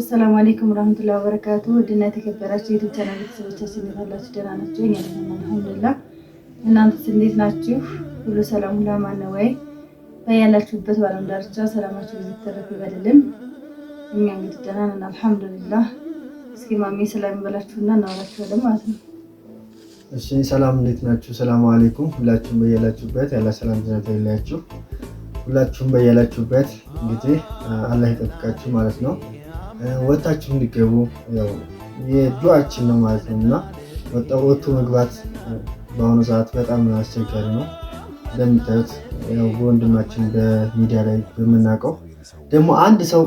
አሰላሙ አለይኩም ወራህመቱላሂ ወበረካቱ ውድና የተከበራችሁ የዩቲዩብ ቻናል ቤተሰቦቻችን እንዴት አላችሁ? ደህና ናችሁ? እኛ ደህና ነን አልሐምዱሊላህ። እናንተስ እንዴት ናችሁ? ሁሉ ሰላም፣ ሁሉ አማን ነው ወይ? በያላችሁበት ባለም ዳርቻ ሰላማችሁ ብዙ ተረፍ ይበልልን። እኛ እንግዲህ ደህና ነን አልሐምዱሊላህ። እስኪ ማሜ ሰላም ይበላችሁና እናወራችኋለን ማለት ነው። እሺ ሰላም፣ እንዴት ናችሁ? ሰላም አለይኩም ሁላችሁም በያላችሁበት ያላ ሰላም ዝናታ ይላችሁ። ሁላችሁም በያላችሁበት እንግዲህ አላህ ይጠብቃችሁ ማለት ነው። ወጣችሁ እንዲገቡ ያው ነው ማለት ነው እና ወጥቶ መግባት በአሁኑ ሰዓት በጣም አስቸጋሪ ነው። እንደምታዩት በወንድማችን በሚዲያ ላይ በምናውቀው ደግሞ አንድ ሰው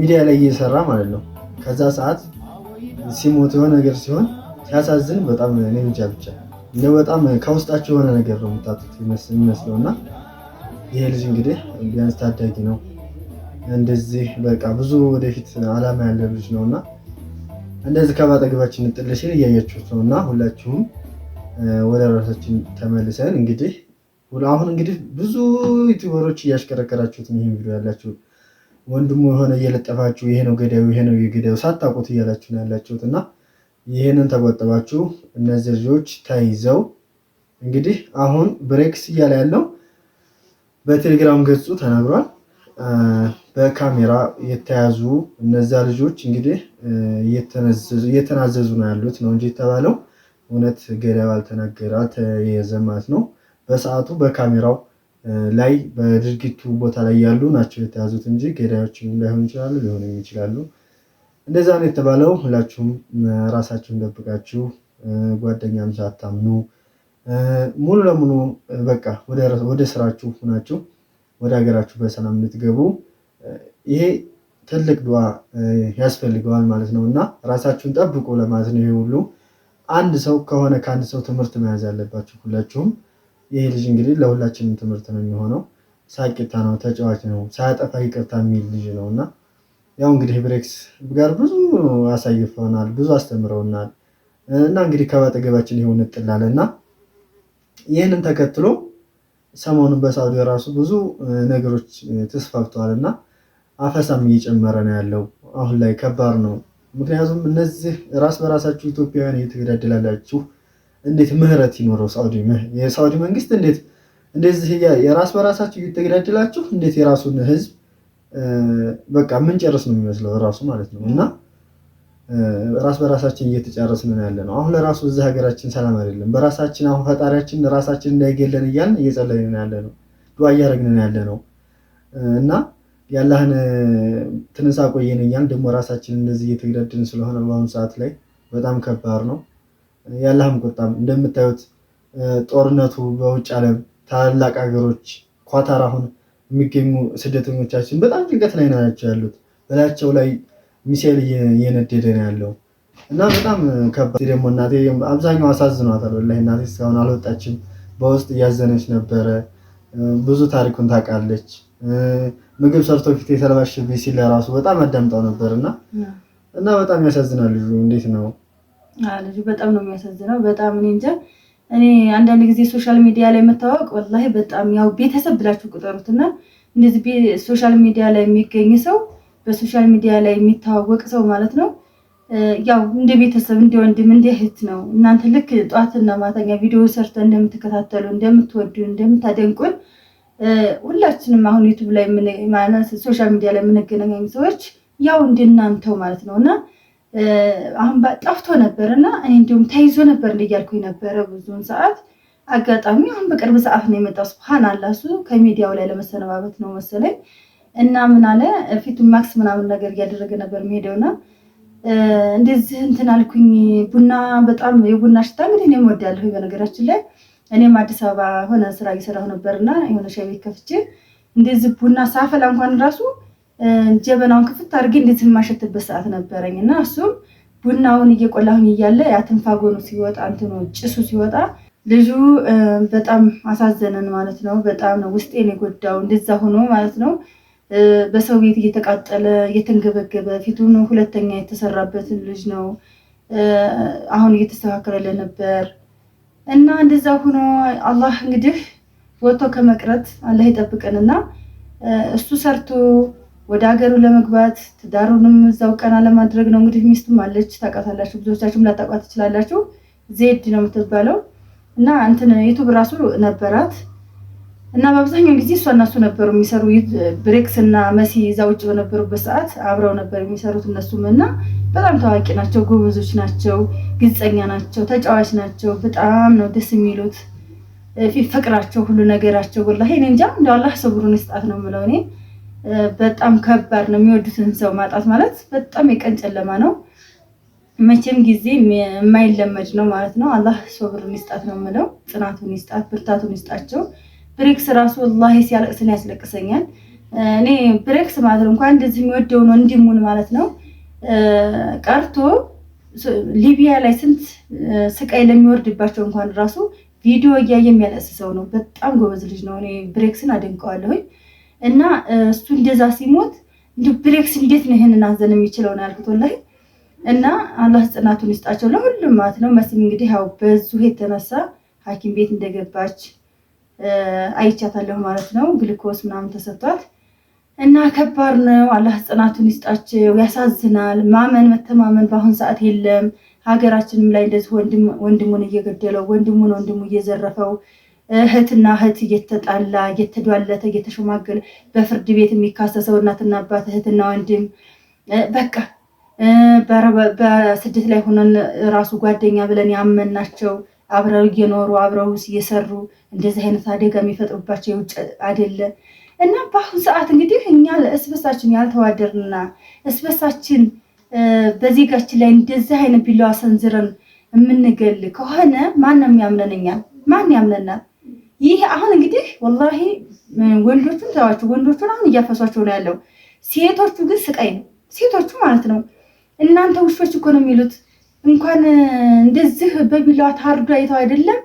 ሚዲያ ላይ እየሰራ ማለት ነው ከዛ ሰዓት ሲሞት የሆነ ነገር ሲሆን ሲያሳዝን በጣም እኔ እንጃ ብቻ እንደ በጣም ከውስጣቸው የሆነ ነገር ነው የምታጡት ይመስለው እና ይሄ ልጅ እንግዲህ ቢያንስ ታዳጊ ነው እንደዚህ በቃ ብዙ ወደፊት አላማ ያለ ልጅ ነው እና እንደዚህ ከማጠገባችን ጥል ሲል እያያችሁት ነው እና ሁላችሁም ወደ ራሳችን ተመልሰን እንግዲህ አሁን እንግዲህ ብዙ ዩቲዩበሮች እያሽከረከራችሁት ይህን ቪዲዮ ያላችሁ ወንድሙ የሆነ እየለጠፋችሁ ይሄ ነው ገዳዩ ይሄ ነው የገዳዩ ሳታውቁት እያላችሁ ነው ያላችሁት እና ይህንን ተቆጠባችሁ። እነዚህ ልጆች ተይዘው እንግዲህ አሁን ብሬክስ እያለ ያለው በቴሌግራም ገጹ ተናግሯል። በካሜራ የተያዙ እነዚያ ልጆች እንግዲህ እየተናዘዙ ነው ያሉት ነው እንጂ የተባለው እውነት ገደብ አልተናገረ አልተያዘም ማለት ነው። በሰዓቱ በካሜራው ላይ በድርጊቱ ቦታ ላይ ያሉ ናቸው የተያዙት እንጂ ገዳዮች ላይሆኑ ይችላሉ ሊሆኑም ይችላሉ። እንደዛ ነው የተባለው። ሁላችሁም ራሳችሁን ደብቃችሁ ጓደኛም ሳታምኑ ሙሉ ለሙሉ በቃ ወደ ስራችሁ ሁናችሁ ወደ ሀገራችሁ በሰላም እንድትገቡ ይሄ ትልቅ ድዋ ያስፈልገዋል ማለት ነው። እና ራሳችሁን ጠብቁ ለማለት ነው። ይሄ ሁሉ አንድ ሰው ከሆነ ከአንድ ሰው ትምህርት መያዝ ያለባችሁ ሁላችሁም። ይሄ ልጅ እንግዲህ ለሁላችንም ትምህርት ነው የሚሆነው። ሳቂታ ነው፣ ተጫዋች ነው፣ ሳያጠፋ ይቅርታ የሚል ልጅ ነው እና ያው እንግዲህ ብሬክስ ጋር ብዙ አሳይፈውናል፣ ብዙ አስተምረውናል። እና እንግዲህ ከባጠገባችን ይሁን እንጥላለን እና ይህንን ተከትሎ ሰሞኑን በሳዑዲ ራሱ ብዙ ነገሮች ተስፋፍተዋል እና አፈሳም እየጨመረ ነው ያለው። አሁን ላይ ከባድ ነው። ምክንያቱም እነዚህ ራስ በራሳችሁ ኢትዮጵያውያን እየተገዳደላላችሁ እንዴት ምህረት ይኖረው ሳኡዲ? መንግስት እንዴት እንደዚህ የራስ በራሳችሁ እየተገዳደላችሁ እንዴት የራሱን ህዝብ በቃ ጨርስ ነው የሚመስለው ራሱ ማለት ነው። እና ራስ በራሳችን እየተጨረስን ነው ያለ ነው። አሁን ለራሱ እዚህ ሀገራችን ሰላም አይደለም። በራሳችን አሁን ፈጣሪያችን ራሳችን እንዳይገለን እያልን እየጸለይን ያለ ነው። ዱዓ እያደረግን ያለ ነው እና ያላህን ትንሳ ቆየን ደግሞ ራሳችን እንደዚህ እየተገዳደን ስለሆነ በአሁኑ ሰዓት ላይ በጣም ከባድ ነው። ያላህም ቁጣም እንደምታዩት ጦርነቱ በውጭ ዓለም ታላላቅ ሀገሮች ኳታር አሁን የሚገኙ ስደተኞቻችን በጣም ጭንቀት ላይ ናቸው ያሉት። በላያቸው ላይ ሚሳኤል እየነደደ ነው ያለው እና በጣም ከባድ ደግሞ እናቴ አብዛኛው አሳዝኗታል። ወላሂ እናቴ እስካሁን አልወጣችም። በውስጥ እያዘነች ነበረ። ብዙ ታሪኩን ታውቃለች። ምግብ ሰርቶ ፊት የተለባሸብኝ ሲል ለራሱ በጣም አዳምጣው ነበር እና እና በጣም ያሳዝናል ልጁ። እንዴት ነው ልጁ? በጣም ነው የሚያሳዝነው። በጣም እኔ እንጃ። እኔ አንዳንድ ጊዜ ሶሻል ሚዲያ ላይ መታወቅ ወላሂ በጣም ያው ቤተሰብ ብላችሁ ቁጠሩት እና እንደዚህ ሶሻል ሚዲያ ላይ የሚገኝ ሰው በሶሻል ሚዲያ ላይ የሚታወቅ ሰው ማለት ነው ያው እንደ ቤተሰብ እንደ ወንድም እንደ እህት ነው። እናንተ ልክ ጠዋትና ማታኛ ቪዲዮ ሰርተ እንደምትከታተሉ እንደምትወዱ እንደምታደንቁን ሁላችንም አሁን ዩቱብ ላይ ሶሻል ሚዲያ ላይ የምንገናኝ ሰዎች ያው እንደናንተው ማለት ነው እና አሁን ጠፍቶ ነበር እና እኔ እንዲሁም ተይዞ ነበር እንደያልኩኝ ነበረ ብዙውን ሰዓት አጋጣሚ አሁን በቅርብ ሰዓት ነው የመጣው። ስብሃን አላሱ ከሚዲያው ላይ ለመሰነባበት ነው መሰለኝ እና ምን አለ ፊቱን ማክስ ምናምን ነገር እያደረገ ነበር የሚሄደውና እንደዚህ እንትን አልኩኝ። ቡና በጣም የቡና ሽታ እንግዲህ እኔም ወዳለሁ በነገራችን ላይ እኔም አዲስ አበባ ሆነ ስራ እየሰራሁ ነበርና የሆነ ሻይ ቤት ከፍቼ እንደዚህ ቡና ሳፈላ እንኳን ራሱ ጀበናውን ክፍት አድርጌ እንዴት የማሸትበት ሰዓት ነበረኝ እና እሱም ቡናውን እየቆላሁኝ እያለ ያትንፋጎኑ ሲወጣ እንትኑ ጭሱ ሲወጣ ልጁ በጣም አሳዘነን ማለት ነው። በጣም ነው ውስጤን የጎዳው እንደዛ ሆኖ ማለት ነው። በሰው ቤት እየተቃጠለ እየተንገበገበ ፊቱን ሁለተኛ የተሰራበትን ልጅ ነው። አሁን እየተስተካከለለ ነበር። እና እንደዛ ሆኖ አላህ እንግዲህ ወጥቶ ከመቅረት አላህ ይጠብቀንና እሱ ሰርቶ ወደ ሀገሩ ለመግባት ትዳሩንም እዛው ቀና ለማድረግ ነው። እንግዲህ ሚስቱም አለች ታውቃታላችሁ፣ ብዙዎቻችሁም ላታውቋት ትችላላችሁ። ዜድ ነው የምትባለው እና እንትን ዩቱብ ራሱ ነበራት እና በአብዛኛው ጊዜ እሷ እና እሱ ነበሩ የሚሰሩ ብሬክስ እና መሲ እዛ ውጭ በነበሩበት ሰዓት አብረው ነበር የሚሰሩት እነሱም እና በጣም ታዋቂ ናቸው፣ ጎበዞች ናቸው፣ ግልፀኛ ናቸው፣ ተጫዋች ናቸው። በጣም ነው ደስ የሚሉት ፍቅራቸው፣ ሁሉ ነገራቸው። ወላሂ እኔ እንጃ እንደው አላህ ሰብሩን ይስጣት ነው የምለው እኔ። በጣም ከባድ ነው የሚወዱትን ሰው ማጣት ማለት በጣም የቀን ጨለማ ነው። መቼም ጊዜ የማይለመድ ነው ማለት ነው። አላህ ሰብሩን ይስጣት ነው የምለው። ጽናቱን ይስጣት፣ ብርታቱን ይስጣቸው። ብሬክስ ራሱ ወላሂ ሲያለቅስን ያስለቅሰኛል። እኔ ብሬክስ ማለት እንኳን እንደዚህ የሚወደው ነው እንዲሙን ማለት ነው ቀርቶ ሊቢያ ላይ ስንት ስቃይ ለሚወርድባቸው እንኳን ራሱ ቪዲዮ እያየ የሚያለቅስ ሰው ነው። በጣም ጎበዝ ልጅ ነው። እኔ ብሬክስን አደንቀዋለሁኝ። እና እሱ እንደዛ ሲሞት እንዲሁ ብሬክስ እንዴት ነው ይህንን አዘን የሚችለው ነው ያልኩት ወላሂ። እና አላህ ጽናቱን ይስጣቸው ለሁሉም ማለት ነው። መስም እንግዲህ ያው በዙ የተነሳ ሐኪም ቤት እንደገባች አይቻታለሁ ማለት ነው። ግልኮስ ምናምን ተሰጥቷት እና ከባድ ነው። አላህ ጽናቱን ይስጣቸው። ያሳዝናል። ማመን መተማመን በአሁን ሰዓት የለም። ሀገራችንም ላይ እንደዚህ ወንድሙን እየገደለው ወንድሙን ወንድሙ እየዘረፈው እህትና እህት እየተጣላ እየተዷለተ እየተሸማገለ በፍርድ ቤት የሚካሰሰው እናትና አባት እህትና ወንድም በቃ በስደት ላይ ሆነን ራሱ ጓደኛ ብለን ያመናቸው አብረው እየኖሩ አብረው እየሰሩ እንደዚህ አይነት አደጋ የሚፈጥሩባቸው የውጭ አይደለ እና በአሁኑ ሰዓት እንግዲህ እኛ እስበሳችን ያልተዋደርንና እስበሳችን በዜጋችን ላይ እንደዚህ አይነት ቢላዋ ሰንዝረን የምንገል ከሆነ ማን ነው ማን ያምነናል? ይህ አሁን እንግዲህ ወላሂ ወንዶቹን ተዋቸው፣ ወንዶቹን አሁን እያፈሷቸው ነው ያለው። ሴቶቹ ግን ስቃይ ነው ሴቶቹ ማለት ነው። እናንተ ውሾች እኮ ነው የሚሉት እንኳን እንደዚህ በቢላዋ ታርዶ አይተው አይደለም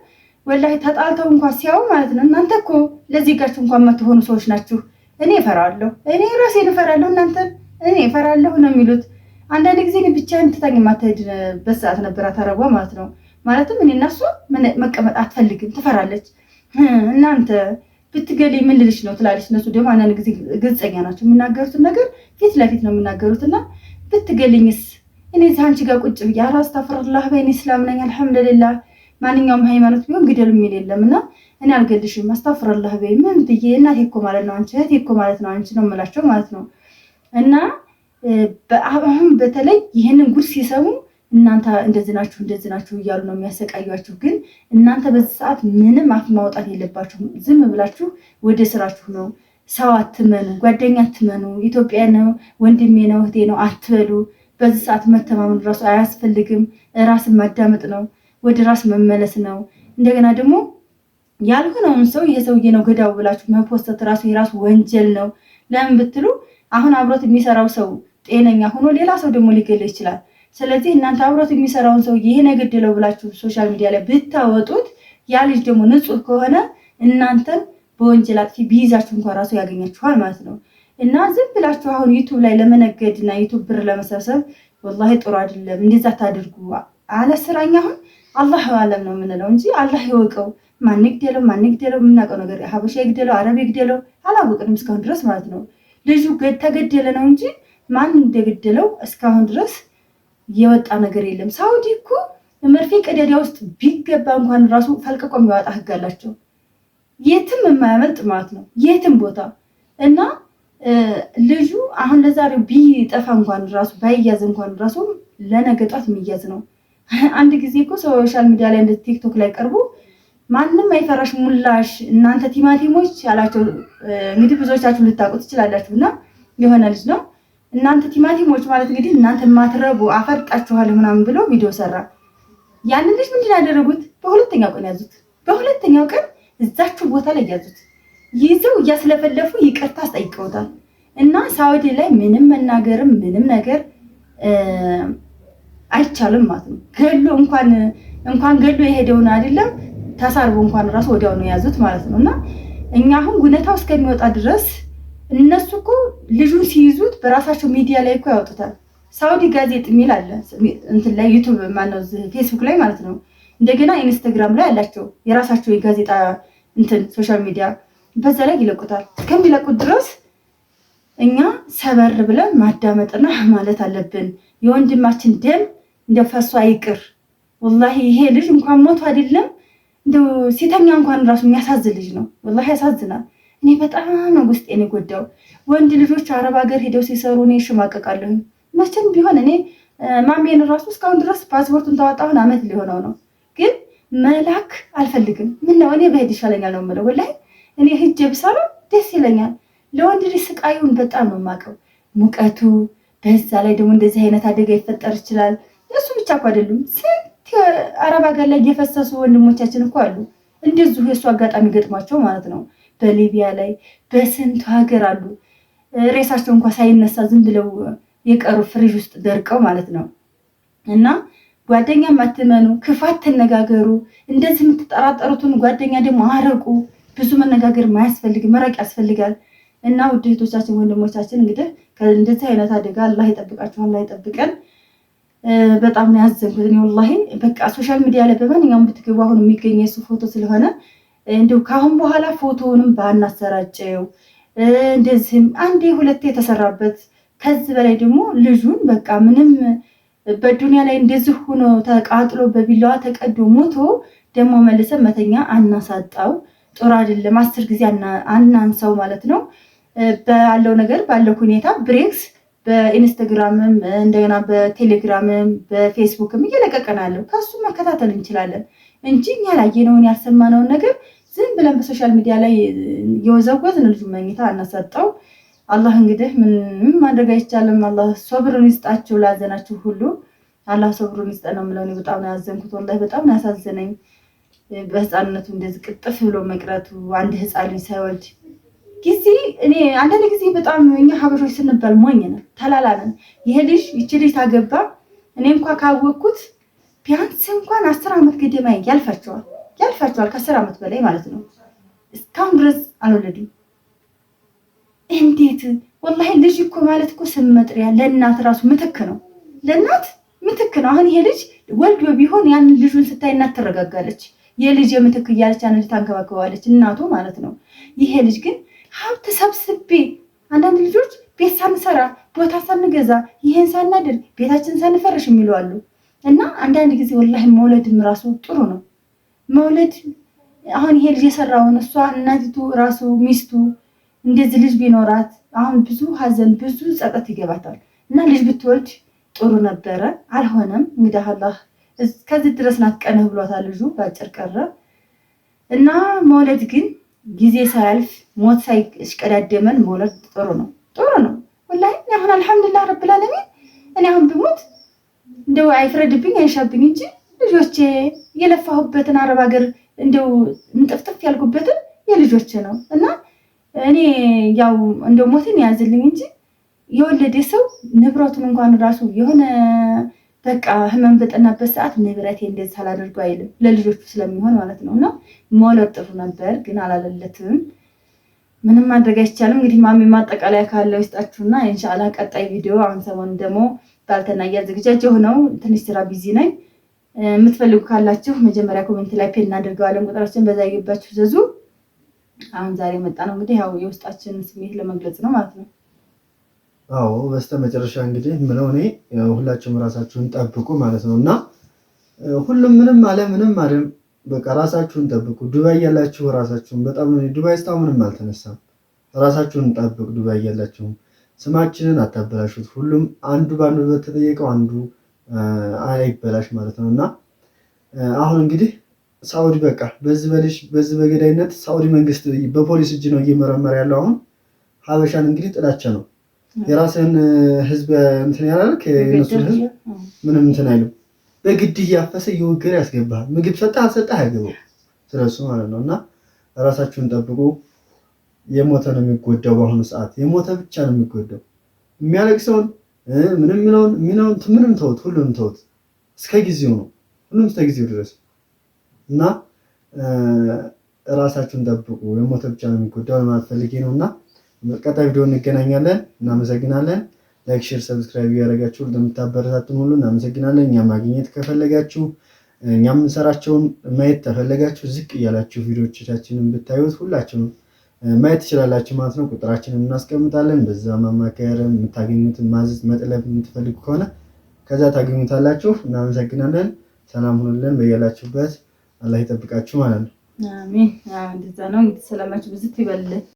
ወላሂ ተጣልተው እንኳን ሲያዩ ማለት ነው። እናንተ እኮ ለዚህ ጋር እንኳን የማትሆኑ ሰዎች ናችሁ። እኔ እፈራለሁ፣ እኔ ራሴን እፈራለሁ፣ እናንተ እኔ እፈራለሁ ነው የሚሉት። አንዳንድ ጊዜ እኔ ብቻዬን ትታኝ የማትሄድበት በሰዓት ነበር አተረቧ ማለት ነው። ማለትም እኔ እና መቀመጥ አትፈልግም፣ ትፈራለች። እናንተ ብትገሌ ምን ልልሽ ነው ትላለች። እነሱ ደግሞ አንዳንድ ጊዜ ግልጸኛ ናቸው፣ የሚናገሩትን ነገር ፊት ለፊት ነው የሚናገሩትና ብትገለኝስ እኔ እዚህ አንቺ ጋር ቁጭ ብዬ አላስተፍርላህ በይን እስላም ነኝ አልሐምዱሊላህ። ማንኛውም ሃይማኖት ቢሆን ግደል የሚል የለም እና እኔ አልገድሽም አስተፍርላህ በይ ምን ብዬ እናቴ እኮ ማለት ነው አንቺ እህቴ እኮ ማለት ነው አንቺ ነው የምላቸው ማለት ነው። እና አሁን በተለይ ይህንን ጉድ ሲሰሙ እናንተ እንደዚህ ናችሁ እንደዚህ ናችሁ እያሉ ነው የሚያሰቃያችሁ። ግን እናንተ በዚህ ሰዓት ምንም አፍ ማውጣት የለባችሁም። ዝም ብላችሁ ወደ ስራችሁ ነው። ሰው አትመኑ፣ ጓደኛ አትመኑ። ኢትዮጵያ ነው ወንድሜ ነው እህቴ ነው አትበሉ። በዚህ ሰዓት መተማመን ራሱ አያስፈልግም። ራስን ማዳመጥ ነው፣ ወደ ራስ መመለስ ነው። እንደገና ደግሞ ያልሆነውን ሰው ይሄ ሰውዬ ነው ገዳው ብላችሁ መፖስተት ራሱ የራሱ ወንጀል ነው። ለምን ብትሉ አሁን አብሮት የሚሰራው ሰው ጤነኛ ሆኖ ሌላ ሰው ደግሞ ሊገል ይችላል። ስለዚህ እናንተ አብሮት የሚሰራውን ሰው ይሄ ነው የገደለው ብላችሁ ሶሻል ሚዲያ ላይ ብታወጡት ያ ልጅ ደግሞ ንጹህ ከሆነ እናንተን በወንጀል አጥፊ ቢይዛችሁ እንኳን ራሱ ያገኛችኋል ማለት ነው። እና ዝም ብላችሁ አሁን ዩቱብ ላይ ለመነገድ እና ዩቱብ ብር ለመሰብሰብ ወላሂ ጥሩ አይደለም። እንደዛ ታድርጉ አለ ስራኛ አሁን አላህ አለም ነው የምንለው እንጂ አላህ ይወቀው። ማን ይግደለው፣ ማን ይግደለው፣ የምናውቀው ነገር ሀበሻ ይግደለው፣ አረብ ይግደለው አላወቅንም እስካሁን ድረስ ማለት ነው። ልጁ ተገደለ ነው እንጂ ማን እንደገደለው እስካሁን ድረስ የወጣ ነገር የለም። ሳውዲ እኮ መርፌ ቀዳዳ ውስጥ ቢገባ እንኳን ራሱ ፈልቅቆ የሚያወጣ ህግ አላቸው። የትም የማያመልጥ ማለት ነው የትም ቦታ እና ልጁ አሁን ለዛሬው ቢጠፋ እንኳን ራሱ ባይያዝ እንኳን ራሱ ለነገ ጧት የሚያዝ ነው። አንድ ጊዜ እኮ ሶሻል ሚዲያ ላይ እንደ ቲክቶክ ላይ ቀርቡ ማንም አይፈራሽ ሙላሽ እናንተ ቲማቲሞች ያላቸው እንግዲህ ብዙዎቻችሁ ልታውቁ ትችላላችሁ። እና የሆነ ልጅ ነው እናንተ ቲማቲሞች ማለት እንግዲህ እናንተ ማትረቡ አፈርጣችኋል ምናምን ብሎ ቪዲዮ ሰራ። ያንን ልጅ ምንድን ያደረጉት? በሁለተኛው ቀን ያዙት። በሁለተኛው ቀን እዛችሁ ቦታ ላይ ያዙት። ይዘው እያስለፈለፉ ይቅርታ አስጠይቀውታል። እና ሳውዲ ላይ ምንም መናገርም ምንም ነገር አይቻልም ማለት ነው። ገሎ እንኳን እንኳን ገሎ የሄደውን አይደለም ተሳርቦ እንኳን ራሱ ወዲያው ነው የያዙት ማለት ነው። እና እኛ አሁን እውነታው እስከሚወጣ ድረስ እነሱ እኮ ልጁን ሲይዙት በራሳቸው ሚዲያ ላይ እኮ ያወጡታል። ሳውዲ ጋዜጥ የሚል አለ እንትን ላይ ዩቱብ ማነው ፌስቡክ ላይ ማለት ነው። እንደገና ኢንስታግራም ላይ አላቸው የራሳቸው የጋዜጣ እንትን ሶሻል ሚዲያ በዛ ላይ ይለቁታል። ከሚለቁት ድረስ እኛ ሰበር ብለን ማዳመጥና ማለት አለብን። የወንድማችን ደም እንደ ፈሱ አይቅር። ወላሂ ይሄ ልጅ እንኳን ሞቱ አይደለም እንደው ሴተኛ እንኳን ራሱ የሚያሳዝን ልጅ ነው። ወላሂ ያሳዝናል። እኔ በጣም ነው ውስጤን የጎዳው። ወንድ ልጆች አረብ ሀገር ሄደው ሲሰሩ እኔ እሽማቀቃለሁ። መቼም ቢሆን እኔ ማሜን ራሱ እስካሁን ድረስ ፓስፖርቱን ታወጣሁን አመት ሊሆነው ነው፣ ግን መላክ አልፈልግም። ምነው እኔ በሄድ ይሻለኛል ነው የምለው ወላሂ እኔ ህጅ ብሰራ ደስ ይለኛል። ለወንድ ልጅ ስቃዩን በጣም ነው የማውቀው፣ ሙቀቱ። በዛ ላይ ደግሞ እንደዚህ አይነት አደጋ ይፈጠር ይችላል። እሱ ብቻ እኮ አይደሉም፣ ስንት አረብ ሀገር ላይ እየፈሰሱ ወንድሞቻችን እኮ አሉ እንደዚሁ የእሱ አጋጣሚ ገጥሟቸው ማለት ነው። በሊቢያ ላይ በስንቱ ሀገር አሉ ሬሳቸው እንኳ ሳይነሳ ዝም ብለው የቀሩ ፍሪጅ ውስጥ ደርቀው ማለት ነው። እና ጓደኛ ማትመኑ፣ ክፋት አትነጋገሩ። እንደዚህ የምትጠራጠሩትን ጓደኛ ደግሞ አረቁ ብዙ መነጋገር ማያስፈልግ መራቅ ያስፈልጋል። እና ውድ እህቶቻችን ወንድሞቻችን፣ እንግዲህ ከእንደዚህ አይነት አደጋ አላህ ይጠብቃችሁ፣ አላህ ይጠብቀን። በጣም ነው ያዘንኩት ወላሂ። በቃ ሶሻል ሚዲያ ላይ በማንኛውም ብትገቡ አሁን የሚገኝ የሱ ፎቶ ስለሆነ እንዲሁ ከአሁን በኋላ ፎቶውንም ባናሰራጨው፣ እንደዚህም አንዴ ሁለቴ የተሰራበት ከዚህ በላይ ደግሞ ልጁን በቃ ምንም በዱኒያ ላይ እንደዚህ ሆኖ ተቃጥሎ በቢላዋ ተቀዶ ሞቶ ደግሞ መልሰን መተኛ አናሳጣው። ጥሩ አይደለም። አስር ጊዜ አናንሰው ማለት ነው። ባለው ነገር ባለው ሁኔታ ብሬክስ በኢንስታግራምም እንደገና በቴሌግራምም በፌስቡክም እየለቀቀን አለው። ከሱ መከታተል እንችላለን እንጂ እኛ ያላየነውን ያሰማነውን ነገር ዝም ብለን በሶሻል ሚዲያ ላይ የወዘወዝን ልጁ መኝታ አናሰጠው። አላህ እንግዲህ ምንም ማድረግ አይቻልም። አላህ ሶብሩን ይስጣችሁ ላዘናችሁ ሁሉ አላህ ሶብሩን ይስጠ ነው የምለው። በጣም ነው ያዘንኩት ወላሂ፣ በጣም ነው ያሳዘነኝ። በህፃንነቱ እንደዚህ ቅጥፍ ብሎ መቅረቱ አንድ ህፃን ልጅ ሳይወልድ ጊዜ እኔ አንዳንድ ጊዜ በጣም እኛ ሀበሾች ስንባል ሞኝ ነን፣ ተላላ ነን። ይሄ ልጅ ይቺ ልጅ ታገባ እኔ እንኳ ካወቅኩት ቢያንስ እንኳን አስር ዓመት ገደማ ያልፋቸዋል ያልፋቸዋል ከአስር ዓመት በላይ ማለት ነው። እስካሁን ድረስ አልወለድም። እንዴት ወላሂ ልጅ እኮ ማለት እኮ ስም መጥሪያ ለእናት ራሱ ምትክ ነው፣ ለእናት ምትክ ነው። አሁን ይሄ ልጅ ወልዶ ቢሆን ያንን ልጁን ስታይ እናት ትረጋጋለች። የልጅ የምትክ እያለች ያን ልጅ ታንከባከባለች፣ እናቱ ማለት ነው። ይሄ ልጅ ግን ሀብት ሰብስቤ አንዳንድ ልጆች ቤት ሳንሰራ ቦታ ሳንገዛ ይሄን ሳናድር ቤታችን ሳንፈርሽ የሚሉ አሉ። እና አንዳንድ ጊዜ ወላሂ መውለድም ራሱ ጥሩ ነው። መውለድ አሁን ይሄ ልጅ የሰራውን እሷ እናቲቱ ራሱ ሚስቱ እንደዚህ ልጅ ቢኖራት አሁን ብዙ ሀዘን ብዙ ጸጠት ይገባታል። እና ልጅ ብትወልድ ጥሩ ነበረ፣ አልሆነም። እንግዲህ አላህ እስከዚህ ድረስ ላትቀንህ ብሏታል ልጁ በአጭር ቀረ እና መውለድ ግን ጊዜ ሳያልፍ ሞት ሳይሽቀዳደመን መውለድ ጥሩ ነው፣ ጥሩ ነው። ወላሂ አሁን አልሐምዱሊላህ ረብል እኔ አሁን ብሞት እንደው አይፍረድብኝ አይሻብኝ እንጂ ልጆቼ የለፋሁበትን አረብ ሀገር እንደው ምጥፍጥፍ ያልኩበትን የልጆቼ ነው እና እኔ ያው እንደው ሞትን ያዝልኝ እንጂ የወለደ ሰው ንብረቱን እንኳን ራሱ የሆነ በቃ ህመም በጠናበት ሰዓት ንብረቴ እንደዚህ ሳላደርገው አይልም። ለልጆቹ ስለሚሆን ማለት ነው። እና መውለድ ጥሩ ነበር ግን አላለለትም። ምንም ማድረግ አይቻልም። እንግዲህ ማሚ ማጠቃለያ ካለው ይስጣችሁና ኢንሻአላ ቀጣይ ቪዲዮ። አሁን ሰሞን ደግሞ ባልተና እያዘገጃጀሁ ሆነው ትንሽ ስራ ቢዚ ነኝ። የምትፈልጉ ካላችሁ መጀመሪያ ኮሜንት ላይ ፔል እናደርገዋለን። ቁጥራችን በዛ ይገባችሁ ዘዙ። አሁን ዛሬ መጣ ነው እንግዲህ ያው የውስጣችን ስሜት ለመግለጽ ነው ማለት ነው። አዎ በስተመጨረሻ እንግዲህ ምለው እኔ ሁላችሁም ራሳችሁን ጠብቁ ማለት ነው እና ሁሉም ምንም አለ ምንም አይደል፣ በቃ ራሳችሁን ጠብቁ። ዱባይ ያላችሁ ራሳችሁን በጣም ዱባይ ስታው ምንም አልተነሳም። ራሳችሁን ጠብቁ። ዱባይ ያላችሁ ስማችንን አታበላሹት። ሁሉም አንዱ በአንዱ በተጠየቀው አንዱ አይበላሽ ማለት ነው እና አሁን እንግዲህ ሳውዲ በቃ በዚህ በልሽ በዚህ በገዳይነት ሳውዲ መንግስት በፖሊስ እጅ ነው እየመረመረ ያለው አሁን ሀበሻን እንግዲህ ጥላቸ ነው የራስን ህዝብ እንትን ያላልክ የነሱን ህዝብ ምንም እንትን አይልም። በግድ እያፈሰ እየወገረ ያስገባል። ምግብ ሰጠ አልሰጠህ አይገባው ስለሱ ማለት ነው። እና ራሳችሁን ጠብቁ። የሞተ ነው የሚጎዳው። በአሁኑ ሰዓት የሞተ ብቻ ነው የሚጎዳው። የሚያለቅሰውን ምንም ሚለውን የሚለውን ምንም ተውት፣ ሁሉንም ተውት። እስከ ጊዜው ነው ሁሉም እስከ ጊዜው ድረስ እና ራሳችሁን ጠብቁ። የሞተ ብቻ ነው የሚጎዳው ለማለት ፈልጌ ነው እና ቀጣይ ቪዲዮ እንገናኛለን። እናመሰግናለን። ላይክ፣ ሼር፣ ሰብስክራይብ እያደረጋችሁ ለምታበረታትን ሁሉ እናመሰግናለን። እኛ ማግኘት ከፈለጋችሁ እኛ የምንሰራቸውን ማየት ከፈለጋችሁ ዝቅ እያላችሁ ቪዲዮዎቻችንን ብታዩት ሁላችሁም ማየት ትችላላችሁ ማለት ነው። ቁጥራችንን እናስቀምጣለን። በዛ ማማከር የምታገኙትን ማዘዝ፣ መጥለብ የምትፈልጉ ከሆነ ከዛ ታገኙታላችሁ። እናመሰግናለን። ሰላም ሁኑልን። በያላችሁበት አላህ ይጠብቃችሁ ማለት ነው። አሜን። እንደዛ ነው እንግዲህ ሰላማችሁ ብዙ ይበልልን።